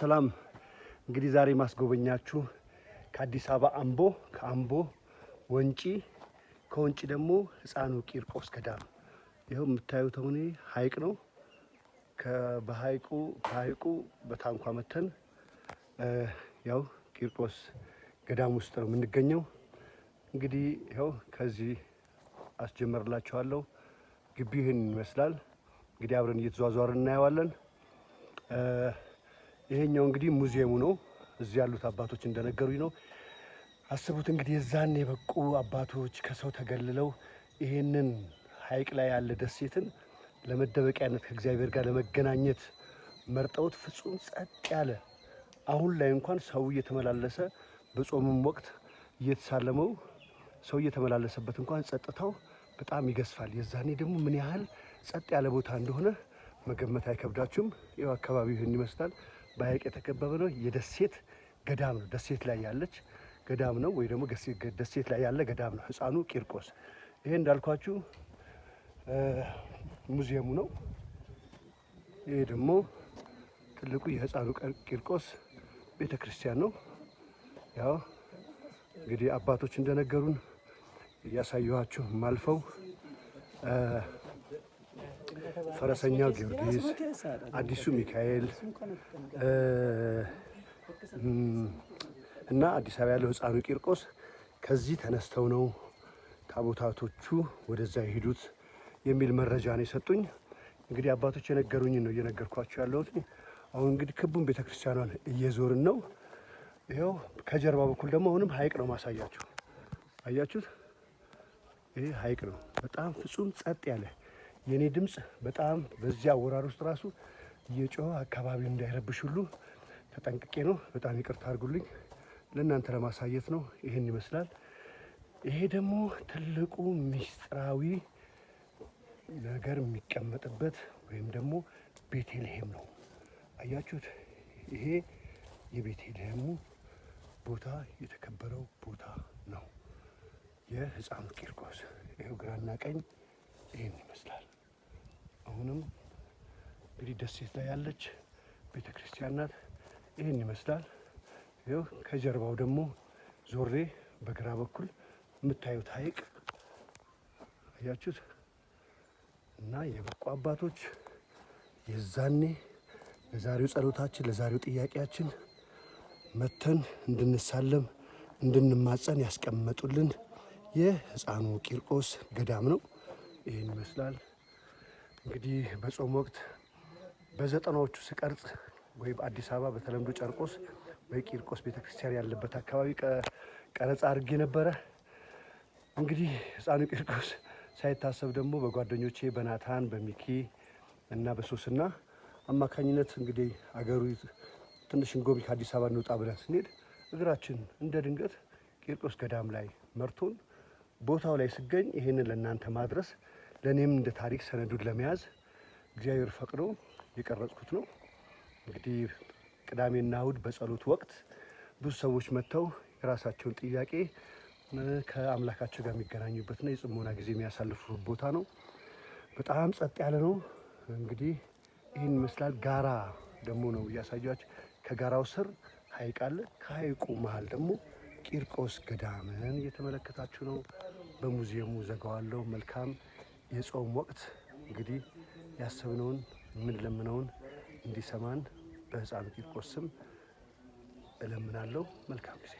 ሰላም እንግዲህ ዛሬ ማስጎበኛችሁ ከአዲስ አበባ አምቦ፣ ከአምቦ ወንጪ፣ ከወንጪ ደግሞ ህፃኑ ቂርቆስ ገዳም። ይኸው የምታዩት አሁን ሀይቅ ነው። በሀይቁ ከሀይቁ በታንኳ መተን ያው ቂርቆስ ገዳም ውስጥ ነው የምንገኘው። እንግዲህ ይኸው ከዚህ አስጀመርላችኋለሁ። ግቢው ይህን ይመስላል። እንግዲህ አብረን እየተዟዟርን እናየዋለን። ይሄኛው እንግዲህ ሙዚየሙ ነው። እዚህ ያሉት አባቶች እንደነገሩኝ ነው። አስቡት እንግዲህ የዛን የበቁ አባቶች ከሰው ተገልለው ይሄንን ሐይቅ ላይ ያለ ደሴትን ለመደበቂያነት ከእግዚአብሔር ጋር ለመገናኘት መርጠውት ፍጹም ጸጥ ያለ አሁን ላይ እንኳን ሰው እየተመላለሰ በጾምም ወቅት እየተሳለመው ሰው እየተመላለሰበት እንኳን ጸጥታው በጣም ይገዝፋል። የዛኔ ደግሞ ምን ያህል ጸጥ ያለ ቦታ እንደሆነ መገመት አይከብዳችሁም። ይኸው አካባቢው ይህን ይመስላል። በሀይቅ የተከበበ ነው። የደሴት ገዳም ነው። ደሴት ላይ ያለች ገዳም ነው፣ ወይ ደግሞ ደሴት ላይ ያለ ገዳም ነው። ህፃኑ ቂርቆስ። ይሄ እንዳልኳችሁ ሙዚየሙ ነው። ይሄ ደግሞ ትልቁ የህፃኑ ቂርቆስ ቤተ ክርስቲያን ነው። ያው እንግዲህ አባቶች እንደነገሩን እያሳየኋችሁ ማልፈው ፈረሰኛው ጊዮርጊስ፣ አዲሱ ሚካኤል እና አዲስ አበባ ያለው ህፃኑ ቂርቆስ ከዚህ ተነስተው ነው ታቦታቶቹ ወደዛ የሄዱት የሚል መረጃ ነው የሰጡኝ። እንግዲህ አባቶች የነገሩኝ ነው እየነገርኳቸው ያለሁት። አሁን እንግዲህ ክቡን ቤተክርስቲያኗን እየዞርን ነው። ይኸው ከጀርባ በኩል ደግሞ አሁንም ሀይቅ ነው ማሳያችሁ። አያችሁት? ይህ ሀይቅ ነው። በጣም ፍጹም ጸጥ ያለ የእኔ ድምፅ በጣም በዚያ አወራር ውስጥ ራሱ እየጮኸ አካባቢው እንዳይረብሽ ሁሉ ተጠንቅቄ ነው። በጣም ይቅርታ አድርጉልኝ። ለእናንተ ለማሳየት ነው። ይህን ይመስላል። ይሄ ደግሞ ትልቁ ሚስጥራዊ ነገር የሚቀመጥበት ወይም ደግሞ ቤቴልሄም ነው። አያችሁት? ይሄ የቤቴልሄሙ ቦታ የተከበረው ቦታ ነው። የህፃኑ ቂርቆስ ይኸው ግራና ቀኝ ይህን ይመስላል። አሁንም እንግዲህ ደሴት ላይ ያለች ቤተ ክርስቲያን ናት። ይህን ይመስላል። ይኸው ከጀርባው ደግሞ ዞሬ በግራ በኩል የምታዩት ሐይቅ አያችሁት እና የበቁ አባቶች የዛኔ ለዛሬው ጸሎታችን፣ ለዛሬው ጥያቄያችን መተን እንድንሳለም እንድንማፀን ያስቀመጡልን የሕፃኑ ቂርቆስ ገዳም ነው። ይህን ይመስላል። እንግዲህ በጾም ወቅት በዘጠናዎቹ ስቀርጽ ወይም አዲስ አበባ በተለምዶ ጨርቆስ ወይ ቂርቆስ ቤተክርስቲያን ያለበት አካባቢ ቀረጻ አድርጌ ነበረ። እንግዲህ ህፃኑ ቂርቆስ ሳይታሰብ ደግሞ በጓደኞቼ በናታን በሚኪ እና በሶስና አማካኝነት እንግዲህ አገሩ ትንሽ እንጎብኝ ከአዲስ አበባ እንውጣ ብለን ስንሄድ እግራችን እንደ ድንገት ቂርቆስ ገዳም ላይ መርቶን ቦታው ላይ ስገኝ ይህንን ለእናንተ ማድረስ ለእኔም እንደ ታሪክ ሰነዱን ለመያዝ እግዚአብሔር ፈቅዶ የቀረጽኩት ነው። እንግዲህ ቅዳሜና እሁድ በጸሎት ወቅት ብዙ ሰዎች መጥተው የራሳቸውን ጥያቄ ከአምላካቸው ጋር የሚገናኙበትና የጽሞና ጊዜ የሚያሳልፉ ቦታ ነው። በጣም ጸጥ ያለ ነው። እንግዲህ ይህን ይመስላል። ጋራ ደግሞ ነው እያሳያቸው። ከጋራው ስር ሐይቅ አለ። ከሐይቁ መሀል ደግሞ ቂርቆስ ገዳምን እየተመለከታችሁ ነው። በሙዚየሙ ዘጋዋለሁ። መልካም የጾም ወቅት እንግዲህ ያሰብነውን የምንለምነውን እንዲሰማን በህፃኑ ቂርቆስ ስም እለምናለሁ። መልካም ጊዜ